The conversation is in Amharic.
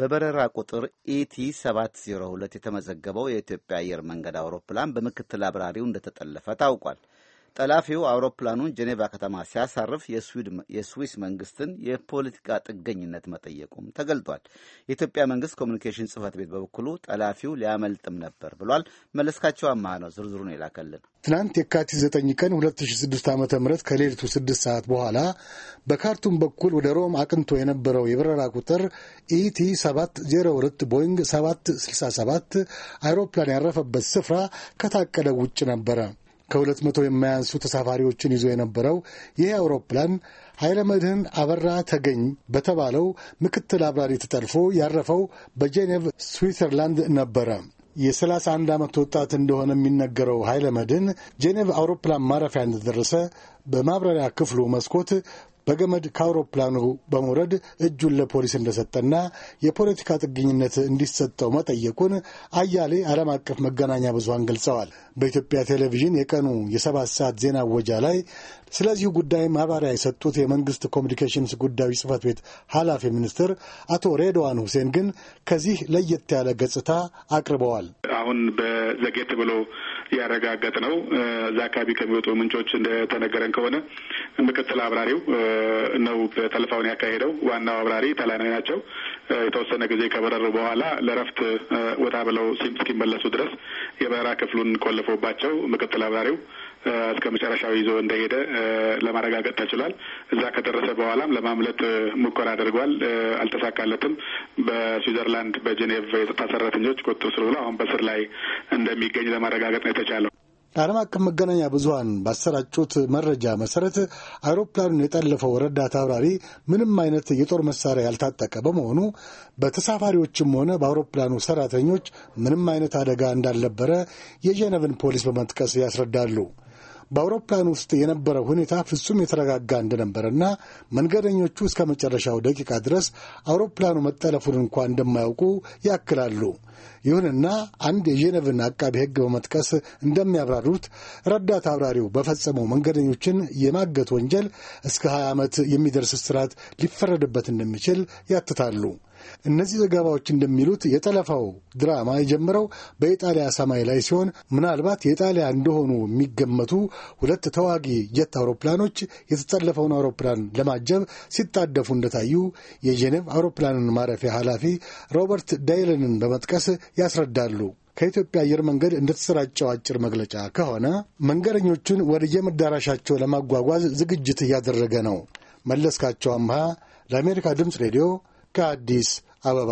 በበረራ ቁጥር ኢቲ 702 የተመዘገበው የኢትዮጵያ አየር መንገድ አውሮፕላን በምክትል አብራሪው እንደተጠለፈ ታውቋል። ጠላፊው አውሮፕላኑን ጄኔቫ ከተማ ሲያሳርፍ የስዊስ መንግስትን የፖለቲካ ጥገኝነት መጠየቁም ተገልጧል። የኢትዮጵያ መንግስት ኮሚኒኬሽን ጽህፈት ቤት በበኩሉ ጠላፊው ሊያመልጥም ነበር ብሏል። መለስካቸው አማሃ ነው ዝርዝሩን የላከልን። ትናንት የካቲት 9 ቀን 2006 ዓ ም ከሌሊቱ 6 ሰዓት በኋላ በካርቱም በኩል ወደ ሮም አቅንቶ የነበረው የበረራ ቁጥር ኢቲ 702 ቦይንግ 767 አይሮፕላን ያረፈበት ስፍራ ከታቀደ ውጭ ነበረ። ከሁለት መቶ የማያንሱ ተሳፋሪዎችን ይዞ የነበረው ይህ አውሮፕላን ኃይለ መድህን አበራ ተገኝ በተባለው ምክትል አብራሪ ተጠልፎ ያረፈው በጄኔቭ ስዊትዘርላንድ ነበረ። የ የ31 ዓመት ወጣት እንደሆነ የሚነገረው ኃይለ መድህን ጄኔቭ አውሮፕላን ማረፊያ እንደደረሰ በማብራሪያ ክፍሉ መስኮት በገመድ ከአውሮፕላኑ በመውረድ እጁን ለፖሊስ እንደሰጠና የፖለቲካ ጥገኝነት እንዲሰጠው መጠየቁን አያሌ ዓለም አቀፍ መገናኛ ብዙሃን ገልጸዋል። በኢትዮጵያ ቴሌቪዥን የቀኑ የሰባት ሰዓት ዜና ወጃ ላይ ስለዚሁ ጉዳይ ማብራሪያ የሰጡት የመንግስት ኮሚኒኬሽንስ ጉዳዮች ጽህፈት ቤት ኃላፊ ሚኒስትር አቶ ሬድዋን ሁሴን ግን ከዚህ ለየት ያለ ገጽታ አቅርበዋል። አሁን በዘጌት ብሎ ያረጋገጥ ነው። እዛ አካባቢ ከሚወጡ ምንጮች እንደተነገረን ከሆነ ምክትል አብራሪው ነው ጠለፋውን ያካሄደው። ዋናው አብራሪ ታላናዊ ናቸው። የተወሰነ ጊዜ ከበረሩ በኋላ ለረፍት ወጣ ብለው ሲም እስኪመለሱ ድረስ የበረራ ክፍሉን ቆልፎባቸው ምክትል አብራሪው እስከ መጨረሻው ይዞ እንደሄደ ለማረጋገጥ ተችሏል። እዛ ከደረሰ በኋላም ለማምለጥ ሙከራ አድርጓል፣ አልተሳካለትም። በስዊዘርላንድ በጄኔቭ የጸጥታ ሰራተኞች ቁጥጥር ስር ውሎ አሁን በስር ላይ እንደሚገኝ ለማረጋገጥ ነው የተቻለው። ለዓለም አቀፍ መገናኛ ብዙሀን ባሰራጩት መረጃ መሰረት አውሮፕላኑን የጠለፈው ረዳት አብራሪ ምንም አይነት የጦር መሳሪያ ያልታጠቀ በመሆኑ በተሳፋሪዎችም ሆነ በአውሮፕላኑ ሰራተኞች ምንም አይነት አደጋ እንዳልነበረ የጀነቭን ፖሊስ በመጥቀስ ያስረዳሉ። በአውሮፕላን ውስጥ የነበረው ሁኔታ ፍጹም የተረጋጋ እንደነበረና መንገደኞቹ እስከ መጨረሻው ደቂቃ ድረስ አውሮፕላኑ መጠለፉን እንኳ እንደማያውቁ ያክላሉ። ይሁንና አንድ የዤኔቭን አቃቢ ሕግ በመጥቀስ እንደሚያብራሩት ረዳት አብራሪው በፈጸመው መንገደኞችን የማገት ወንጀል እስከ 20 ዓመት የሚደርስ እስራት ሊፈረድበት እንደሚችል ያትታሉ። እነዚህ ዘገባዎች እንደሚሉት የጠለፋው ድራማ የጀመረው በኢጣሊያ ሰማይ ላይ ሲሆን ምናልባት የጣሊያ እንደሆኑ የሚገመቱ ሁለት ተዋጊ ጀት አውሮፕላኖች የተጠለፈውን አውሮፕላን ለማጀብ ሲጣደፉ እንደታዩ የጄኔቭ አውሮፕላንን ማረፊያ ኃላፊ ሮበርት ዳይለንን በመጥቀስ ያስረዳሉ። ከኢትዮጵያ አየር መንገድ እንደተሰራጨው አጭር መግለጫ ከሆነ መንገደኞቹን ወደየመዳራሻቸው ለማጓጓዝ ዝግጅት እያደረገ ነው። መለስካቸው አምሃ ለአሜሪካ ድምፅ ሬዲዮ ከአዲስ አበባ